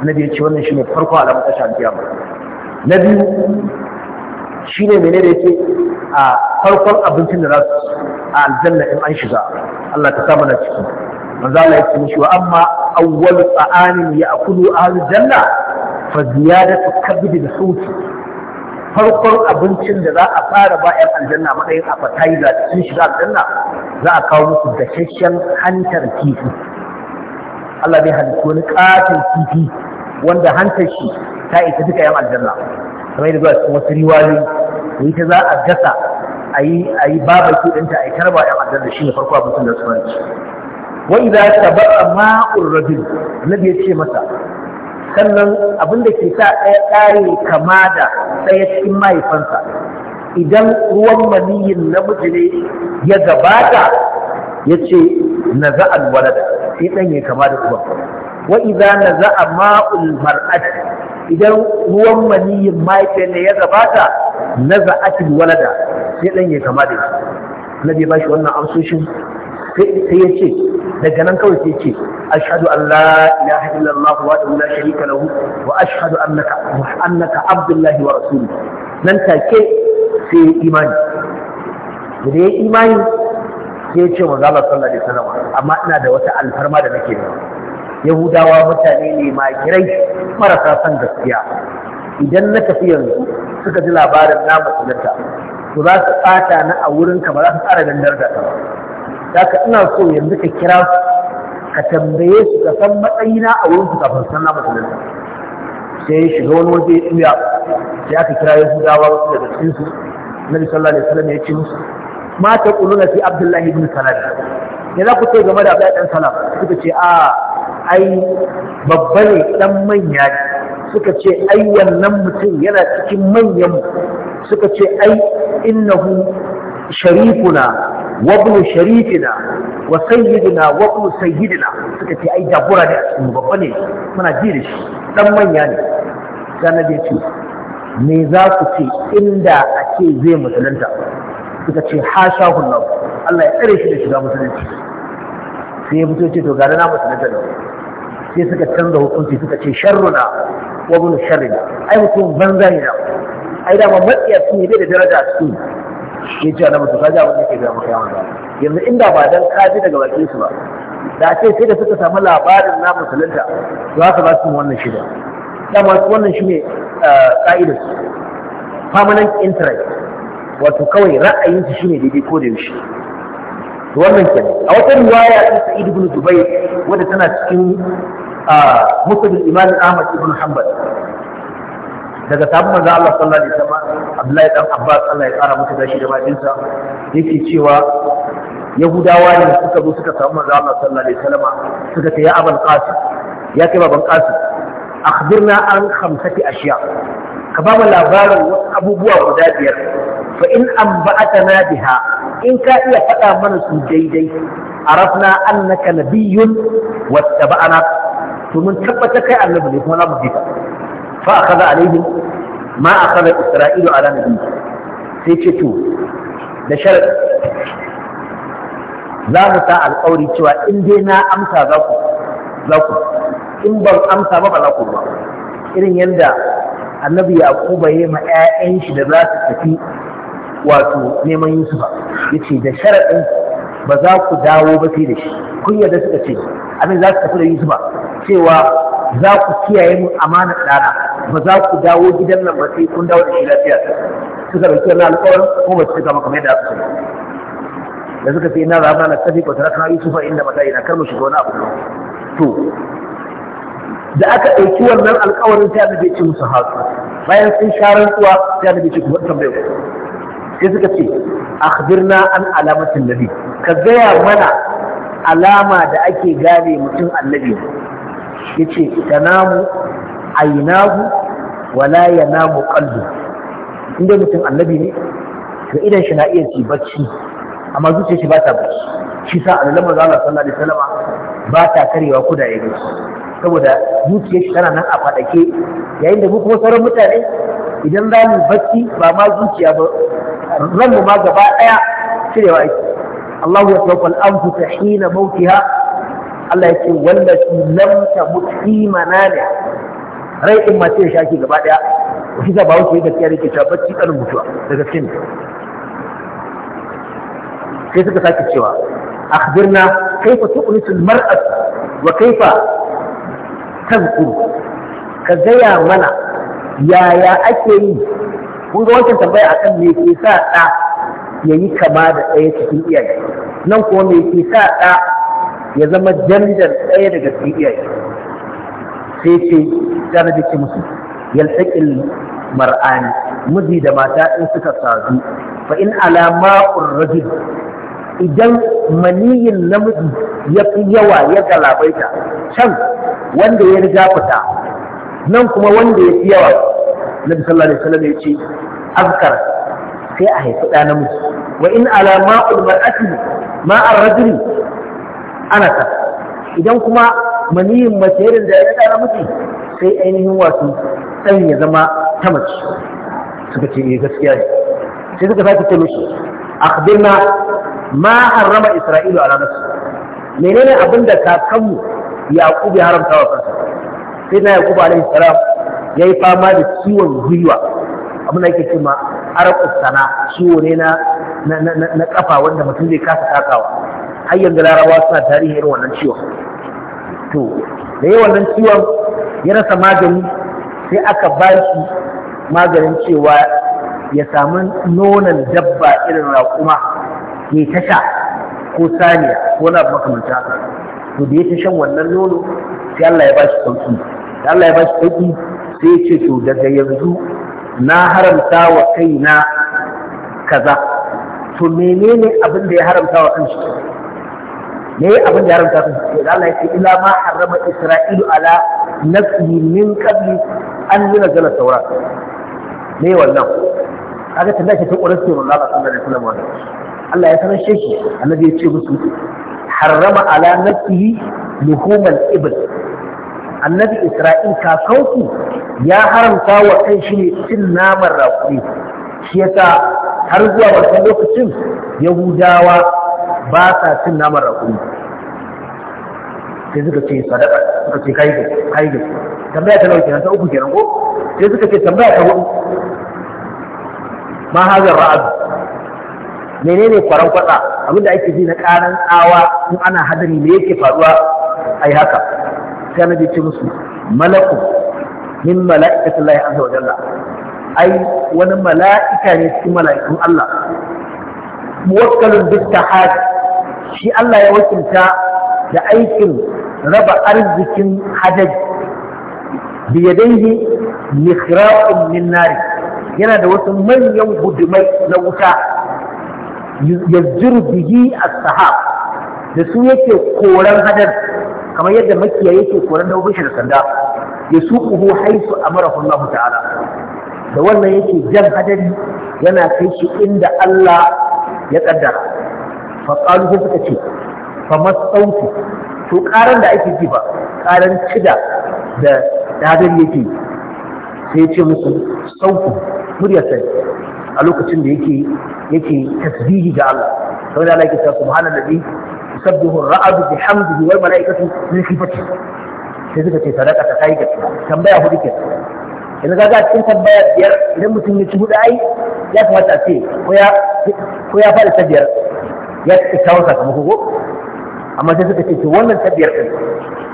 annabi ya ce wannan shine farko alamar tashi malkiyama na biyu shine menene yake a farkon abincin da za su a aljanna in an shiga Allah ta samu na ciki manzo Allah ya ce mishi wa amma awwal ta'amin akulu a janna fa da kabdi da sauti farkon abincin da za a fara ba ƴan aljanna matsayin appetizer da sun shiga aljanna za a kawo musu dashashshen hantar kifi Allah bai halittu wani katon kifi wanda hantar shi ta isa duka ƴan aljanna kamar yadda zuwa cikin wasu riwayoyi ko ita za a gasa a yi babaki ɗinta a yi karba ƴan aljanna shi ne farko abincin da su fara wai za ta ba a ma'ur rajul annabi ya ce masa sannan abin da ke sa ɗaya ƙare kama da ɗaya cikin mahaifansa idan ruwan maniyin namiji ne ya gabata ya ce na za'al walada sai ɗan ya kama da uban wa na za'a ma'ul mar'ati idan ruwan maniyin mahaifiyar ne ya gabata na naza'atil walada sai ɗan ya kama da shi annabi ba shi wannan amsoshin sai ya ce daga nan kawai sai ce ashhadu an la ilaha illallah wa la sharika lahu wa ashhadu annaka annaka abdullahi wa rasuluhu nan take sai imani da ya imani sai ce manzo Allah sallallahu alaihi wasallam amma ina da wata alfarma da nake da yahudawa mutane ne magirai marasa san gaskiya idan na tafi yanzu suka ji labarin na musulunta to za su ɓata na a wurinka ba za su ƙara dandar da ta ba haka ina so yanzu ka kira su ka tambaye su ka san matsayina a wurin su kafin sanna musulunta sai ya shiga wani waje ya tsuya sai aka kira yahudawa wasu daga cikin su bisallah da alaihi wasallam ya ce musu mata ta na fi abdullahi ibn salam ya za ku ce game da abdullahi ɗan salam suka ce a ai babba ne dan manya suka ce ai wannan mutum yana cikin manyan suka ce ai innahu sharifuna wabnu sharifina wa sayyidina wabnu sayyidina suka ce ai jagora ne a cikin babba ne muna ji da shi dan manya ne sanar da ce me za ku ce inda a ce zai musulunta suka ce ha hasha hullahu Allah ya tsare shi da shiga musulunci sai ya fito ce to gare na musulunta da sai suka canza hukunci suka ce sharruna wa bunu sharrina ai mutum banza ne na ai da ma matsiya sun yi da daraja a cikin ya ce annabi to kaji abin da ke zama maka ba. yanzu inda ba dan kaji daga bakin su ba da ce sai da suka samu labarin na musulunta za su ba su wannan shida dama wannan shi ne eh, ka'idar su permanent interest wato kawai ra'ayin su shine daidai ko da yaushe to wannan ke a wata riwaya ta Sa'id ibn Dubai wadda tana cikin eh, musulun Imam Ahmad ibn Hanbal daga sabon manzo Allah sallallahu alaihi wasallam Abdullahi dan Abbas Allah ya kara musu gashi da bakinsa yake cewa Yahudawa ne suka zo suka samu manzo Allah sallallahu alaihi wasallam suka ce ya Abul Qasim ya kai baban Qasim akhbirna an khamsati ashiya ka ba mu labarin wasu abubuwa guda biyar fa in anba'atana biha in ka iya faɗa mana su daidai arafna annaka nabiyyun wattaba'ana to mun tabbata kai annabi ne kuma na mu fa akhadha alaihim ma a akhadha isra'ilu ala nabi sai ce to da sharadi za mu sa alƙawari cewa in dai na amsa za ku za ku in ban amsa ba ba za ku ba irin yadda annabi yaquba ya ma 'ya'yan shi da za su tafi wato neman yusufa ce da sharadin ba za ku dawo ba sai da shi kun yarda suka ce a abin za su tafi da yusufa cewa za ku kiyaye mun amanar ɗana ba za ku dawo gidan nan ba sai kun dawo da shi lafiya suka dauki na alƙawarin ko ba su cika maka mai da aka da suka ce ina rama na tafi ko taraka yusufa inda mata ina kar mu shiga wani abu to da aka ɗauki wannan alƙawarin sai annabi ya ce musu hatsu bayan sun sha rantsuwa sai annabi ya ce ku bar tambayar sai suka ce akhbirna an alamatin nabi ka gaya mana alama da ake gane mutum annabi yace tanamu ainahu wala yanamu qalbu inda mutum annabi ne to idan shi na iya ci bacci amma zuciyar shi ba ta bacci shi sa annabi manzo Allah sallallahu alaihi wasallam ba ta karewa kuda yake saboda zuciyar shi tana nan a fadake yayin da mu kuma sauran mutane idan za mu bacci ba ma zuciya ba ranmu ma gaba daya cirewa yake Allahu ya tawfal anfusa hina mautiha Allah ya ce wanda lam lamta mutimana ne rai din mace shaki gaba daya shi ba bawo ke gaskiya ke cewa bacci kanin mutuwa da gaske ne sai suka sake cewa akhbirna kaifa tuqnisul mar'at wa kaifa tazkur ka gaya mana yaya ake yi kun ga wancan tambaya akan me ke sa ɗa ya yi kama da ɗaya cikin iyaye nan kuma me ke sa ɗa ya zama jandar ɗaya daga cikin iyaye sai ce janabi ce musu yaltaƙil mar'ani miji da mata in suka sazu, fa in alama rajul idan maniyin namiji ya fi yawa ya galabaita can wanda ya riga fita nan kuma wanda ya fi yawa nabi sallallahu alaihi wasallam ya ce azkar sai a haifi ɗa namiji wa in alama ulmar ma ar-rajuli anasa idan kuma maniyin mace irin da ya tsara miki sai ainihin wasu ɗan ya zama ta mace suka ce ne eh, gaskiya ne sai suka sake ce mishi akhbirna ma harrama isra'ilu ala nafsi menene abin da kakanmu yaqub ya haramta wa kansa sai na yaqub alaihi salam yayi fama da ciwon gwiwa abin da yake cewa arakus ciwo ne na na kafa wanda mutum zai kasa takawa har yanzu larabawa suna tarihi irin wannan ciwon to da yi wannan ciwon ya rasa magani sai aka ba shi maganin cewa ya samu nonon dabba irin raƙuma ya tasha ko saniya ko na makamanta haka to da ya ta shan wannan nono sai Allah ya ba shi sauki da Allah ya ba shi sauki sai ya ce to daga yanzu na haramta wa kaina kaza to menene abin da ya haramta wa shi? me abin da ya haramta su ce da Allah yake ila ma harrama isra'ilu ala nafsihi min qabli an yunzala tawrat me wannan kaga tunda ce ta ƙurar ce Allah sallallahu alaihi wasallam wannan Allah ya sanar shi annabi ya ce musu harrama ala nafsihi luhumal ibl annabi isra'il kakanku ya haramta wa kan shi ne cin naman raƙuri shi yasa har zuwa wannan lokacin yahudawa ba sa cin naman raƙumi sai suka ce sadaka suka ce kai da kai tambaya ta nauke ta uku kenan ko sai suka ce tambaya ta hudu ma hazar ra'ad menene kwaran kwatsa abinda ake ji na karan tsawa in ana hadari me yake faruwa ai haka sai na ce musu malaku min mala'ikatillahi azza wa jalla ai wani mala'ika ne cikin mala'ikun Allah muwakkalin duk ta haji shi Allah ya wakilta da aikin raba arzikin hadaji biyadaihi mikhra'un min nari yana da wasu manyan gudumai na wuta yazziru bihi as-sahab da su yake koran hadar kamar yadda makiya yake koran dabbobin da sanda ya suquhu haisu a Allah ta'ala da wannan yake jan hadari yana kai shi inda Allah ya kaddara faƙalu sai suka ce fa sauti to ƙaran da ake ji ba ƙaran cida da hadari yake sai ce musu sauti murya sai a lokacin da yake yake tasbihi ga Allah sai da Allah yake cewa subhanallahi yusabbihu ar-ra'd bihamdihi wal mala'ikatu min khifatihi sai suka ce sadaka ta kai ga tambaya hudu ke yanzu ga a cikin tambaya biyar idan mutum ya ci hudu ai ya kamata a ce ko ya fara ta biyar ya kawo sakamako ko amma sai suka ce ki wannan tabiyar din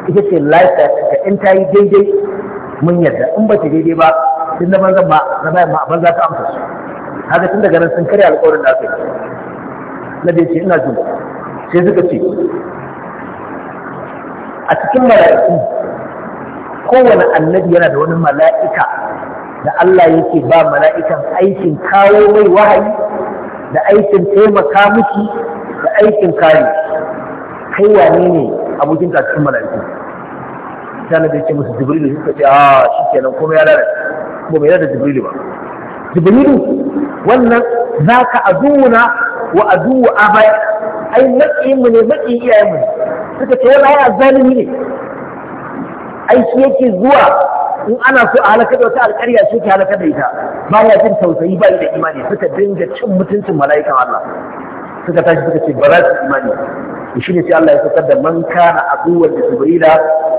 ita ce lifestyle ka in ta yi daidai mun yadda. in ba ta daidai ba tun na banzan ma na bayan ma banza ka amsa su haka tun daga nan sun karya alƙawarin da aka yi na da ce ina jin sai suka ce a cikin mala'iku kowane annabi yana da wani mala'ika da Allah yake ba mala'ikan aikin kawo mai wahayi da aikin taimaka miki da aikin kare kai wane ne abokin ka cikin mala'iku tana da ce musu jibrilu suka ce a ah, shi kenan kuma ya lalace kuma bai da jibrilu ba jibrilu wannan za ka aduna wa a bai ai matsayin mu ne matsayin iyayen mu suka ce wani ai zalimi ne ai shi yake zuwa in ana so a halakar da wata alƙarya shi ke halakar da ita ba ya jin tausayi ba da imani suka dinga cin mutuncin mala'ikan Allah suka tashi suka ce ba za su imani to shine sai Allah ya saukar da man kana aduwwan da jibrila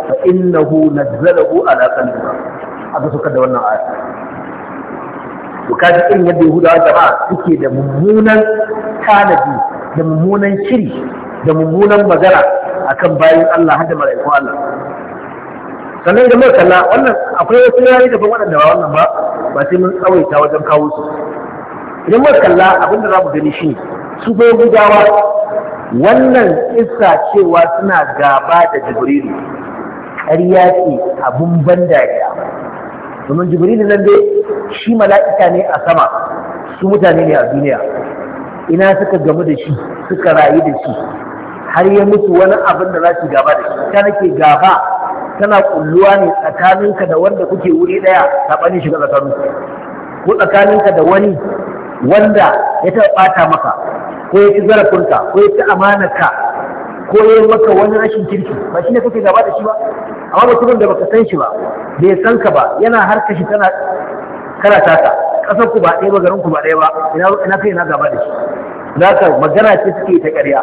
fa innahu nazzalahu ala qalbika aka saukar da wannan aya to kaji irin yadda yahudawa jama'a suke da mummunan tanadi da mummunan shiri da mummunan magana akan bayan Allah hada mala'iku Allah sannan idan muka kalla wannan akwai wasu yare da ban waɗanda ba wannan ba ba sai mun tsawaita wajen kawo su idan muka kalla abinda za mu gani shi ne su bai gudawa wannan isa cewa suna gaba da jibrilu ƙarya ce abun ban dariya domin jibrilu nan dai shi mala'ika ne a sama su mutane ne a duniya ina suka gamu da shi suka rayu da shi har ya mutu wani abin da za su gaba da shi ta nake gaba tana kulluwa ne tsakaninka da wanda kuke wuri ɗaya saɓanin shiga tsakanin ko tsakaninka da wani wanda ya taɓa ɓata maka ko ya ci zarafinka ko ya ci ka, ko ya maka wani rashin kirki ba shi ne kake gaba da shi ba amma mutumin da baka san shi ba bai san ka ba yana harka shi tana karata ka kasar ku ba ɗaya ba garin ku ba ɗaya ba ina ina kai na gaba da shi zaka magana ce suke ta ƙarya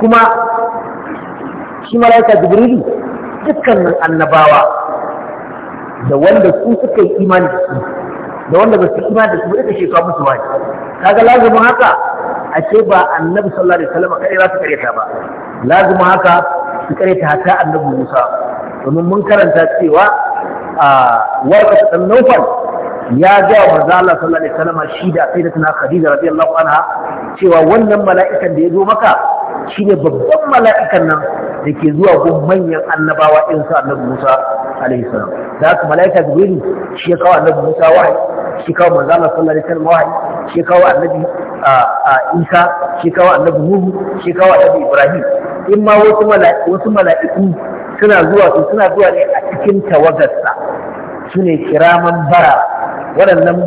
kuma shi malaika jibrilu dukkanin annabawa da wanda su suka yi imani da su da wanda ba su imani da su ita shi kawo musu wani kaga lazumin haka ashe ba annabi sallallahu alaihi wasallam kai za su kareta ba lazumin haka su kareta ta annabi Musa domin mun karanta cewa a warqat dan Nawfal ya ga manzo Allah sallallahu alaihi wasallam shi da sayyidatuna Khadija radiyallahu anha cewa wannan mala'ikan da ya zo maka shine babban mala'ikan nan da ke zuwa gun manyan annabawa irin annabi Musa alaihi salam da haka malaika jibril shi ya kawo annabi musa wahayi shi kawo manzo Allah sallallahu alaihi wasallam wahayi shi kawo annabi isa shi kawo annabi nuhu shi kawo annabi ibrahim in ma wasu mala'iku wasu mala'iku suna zuwa su suna zuwa ne a cikin tawagarsa su ne kiraman bara waɗannan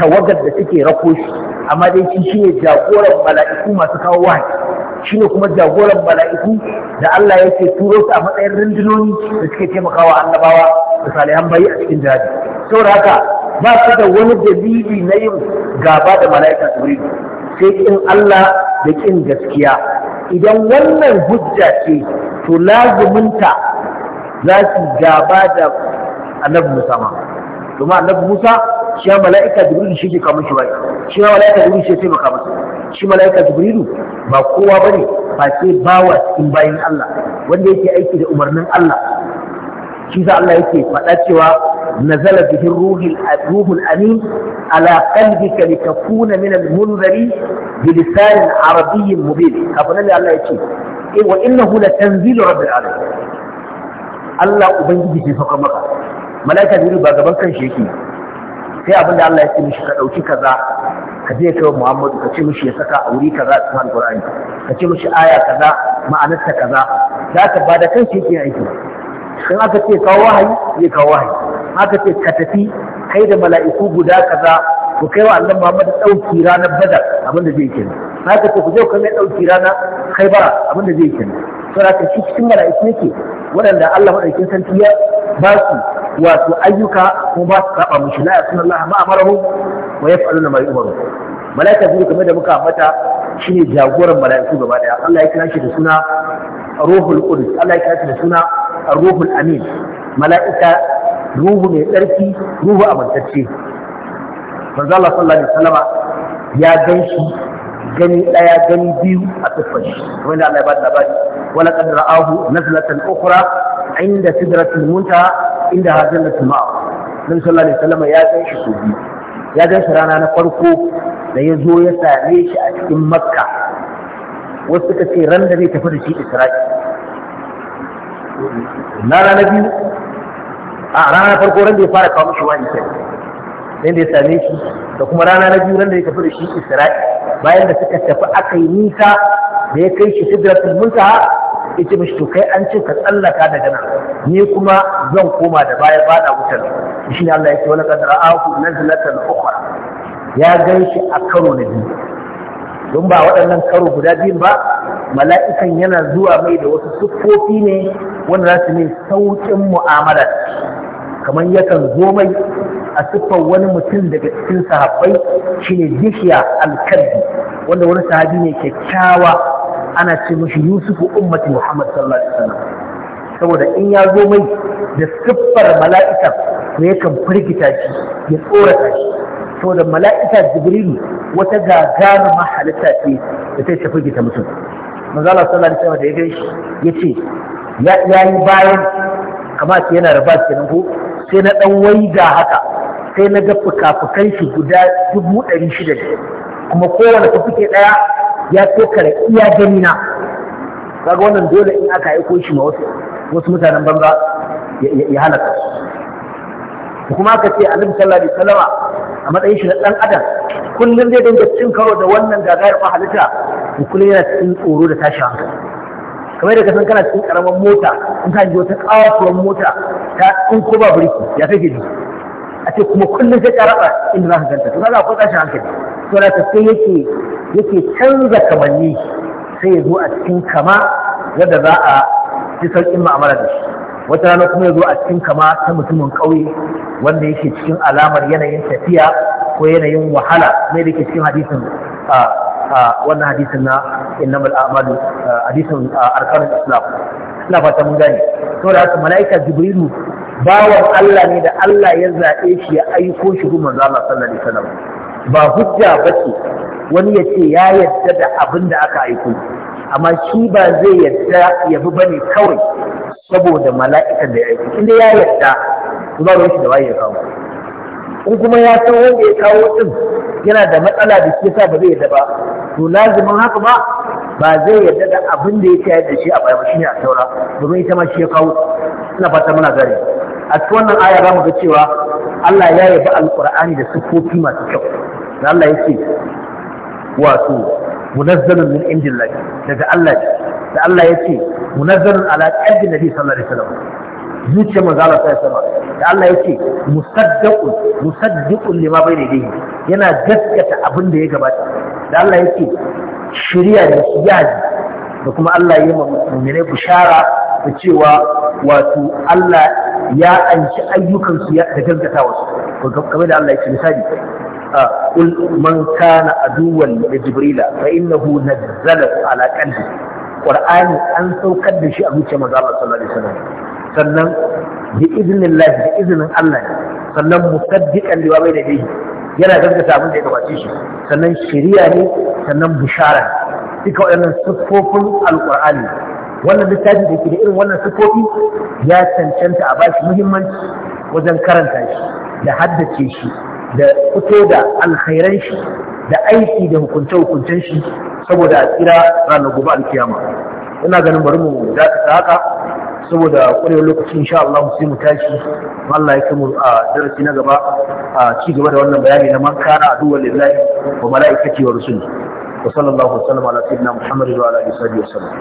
tawagar da suke rako shi amma dai shi shi ne jagoran mala'iku masu kawo wahayi shine kuma jagoran mala'iku da Allah yake turo su a matsayin rundunoni da suke taimakawa annabawa da salihan bayi a cikin daji? saboda haka ba su da wani dalili na yin gaba da mala'ika jibril sai kin Allah da kin gaskiya idan wannan hujja ce to lazuminta za su gaba da annabi Musa ma kuma annabi Musa shi ya mala'ika jibrilu shi ke kawo mishi wahayi shi ya mala'ika jibrilu shi ya taimaka masa shi mala'ika jibrilu ba kowa bane ba sai bawa cikin bayan Allah wanda yake aiki da umarnin Allah shi za Allah yake faɗa cewa nazala bihi ruhul ruhul amin ala qalbika litakuna min al-munzari bi lisan arabiyyin mubin kafin Allah yake eh wa innahu latanzilu rabbil alamin Allah ubangiji sai sauka maka mala'ika jibrilu ba gaban kanshi yake kai abin da Allah ya ce mishi ka ɗauki kaza ka je kai Muhammadu ka ce mishi ya saka a wuri kaza a cikin Alƙur'ani ka ce mishi aya kaza ma'anarta kaza za ka ba da kanki yake aiki in aka ce kawo wahayi zai kawo wahayi aka ce ka tafi kai da mala'iku guda kaza ku kai wa Allah Muhammadu ɗauki ranar Badar abin da zai kenan haka ce ku je ku kai ɗauki ranar Khaibara abin da zai ke kenan saboda shi cikin mala'iku yake waɗanda Allah madaukakin sarki ya ba su wato ayyuka ko ba su saba mushi la yasuna Allah ma amarahu wa yaf'aluna ma yu'maru malaika zuri kamar da muka ambata shine jagoran malaiku gaba daya Allah ya kira shi da suna ruhul qudus Allah ya kira shi da suna ruhul amin malaika ruhu mai tsarki ruhu amintacce manzo Allah sallallahu alaihi wasallama ya ganshi. gani ɗaya, gani biyu a tuffar shi kamar da Allah ya bada labari wala qad ra'ahu nazlatan ukhra inda sidratul muntaha inda hadratul ma'a nabi sallallahu alaihi wasallam ya san shi su biyu ya gan shi rana na farko da ya zo ya same shi a cikin makka wasu suka ce ran da zai tafi da shi isra'i na rana biyu a rana farko ran da ya fara kawo mishi wani kenan da ya same shi da kuma rana na biyu da ya tafi da shi isra'i bayan da suka tafi aka yi nisa da ya kai shi sidratul muntaha ya ce mishi to kai an ce ka tsallaka daga nan ni kuma zan koma da baya bada wutar shi ne Allah ya ce wala qad ra'ahu nazlatan ukhra ya gan shi a karo na biyu don ba waɗannan karo guda biyun ba mala'ikan yana zuwa mai da wasu siffofi ne wanda za su ne saukin mu'amala kamar yakan zo mai a siffar wani mutum daga cikin sahabbai shine bishiya, alkalbi wanda wani sahabi ne kyakkyawa ana ce mashi yusufu ummati muhammad sallallahu alaihi wasallam saboda in ya zo mai da siffar mala'ika ne yakan firgita shi ya tsorata shi saboda mala'ika jibrilu wata gagara mahalitta ce da ta tafi gita mutum manzo Allah sallallahu alaihi wasallam da ya gan shi yace ya yi bayan kamar yana rabas kenan ko sai na ɗan waiga haka sai na ga fukafukan shi guda dubu ɗari shida ne kuma kowane fuke ɗaya ya kare iya gani na kaga wannan dole in aka aiko shi ma wasu wasu mutanen banza ya halaka kuma aka ce a annabi sallallahu alaihi salama a matsayin shi na ɗan adam kullum zai dinga cin karo da wannan gagarumin halitta kullum yana cikin tsoro da tashi hankali kamar da ka san kana cikin karamar mota in ka ji wata kawatuwar mota ta in ko ba birki ya kake ji a ce kuma kullum sai ka raba inda za ka ganta to kaga akwai tashin hankali to da sai yake yake canza kamanni sai ya zo a cikin kama yadda za a ci sauƙin ma'amala da shi wata rana kuma ya zo a cikin kama ta mutumin ƙauye wanda yake cikin alamar yanayin tafiya ko yanayin wahala mai da ke cikin hadisin ah, wannan hadisin na innamal a'malu hadisin arkanul islam ina fata mun gane da haka malaika jibrilu bawan Allah ne da Allah ya zaɓe shi ya aiko shi ga manzo Allah sallallahu alaihi wasallam ba hujja bace wani ya ce ya yadda da abin da aka aiko amma shi ba zai yadda ya bi bane kawai saboda mala'ikan da ya aiko inda ya yarda ba ruwan shi da waye ya kawo in kuma ya san wanda ya kawo din yana da matsala da shi yasa ba zai yadda ba to lazimin haka ba ba zai yadda da abin da ya tayar da shi a baya shine a saura domin ita ma shi ya kawo ina fata muna gari a cikin wannan aya za mu ga cewa Allah ya yabi alqur'ani da sifofi masu kyau da Allah yake wato munazzalun min indillahi daga Allah da Allah yake munazzalun ala qalbi nabi sallallahu alaihi wasallam zuciyar maza, Allah sallallahu da Allah yake musaddaqun musaddiqun lima bayna yadayhi yana gaskata abin da ya gabata da Allah ce shirya da siyaji da kuma Allah ya yi mu'minai bishara da cewa wato Allah ya anci ayyukan su da gaskata wasu kamar da Allah yake misali قل من كان عدوا لجبريل فإنه نزله على قلبه قرآن أن سوكد شيء أبو كما صلى الله عليه وسلم sannan bi iznillah bi izinin Allah sannan musaddikan liwa da dai yana gaskata abin da ya gabace shi sannan shari'a ne sannan bishara. duka waɗannan siffofin alƙur'ani wannan littafi da ke da irin wannan siffofi ya cancanta a bashi muhimmanci wajen karanta shi da haddace shi da fito da alkhairan shi da aiki da hukunce-hukuncen shi saboda a tsira ranar gobe alkiyama ina ganin bari mu dakata haka saboda kwarewar lokacin insha Allah sai mu tashi Allah ya kamu a darasi na gaba a ci gaba da wannan bayani na man kana aduwwa lillahi wa malaikati wa rusuli wa sallallahu wa sallama ala sayyidina Muhammad wa ala alihi wa sallam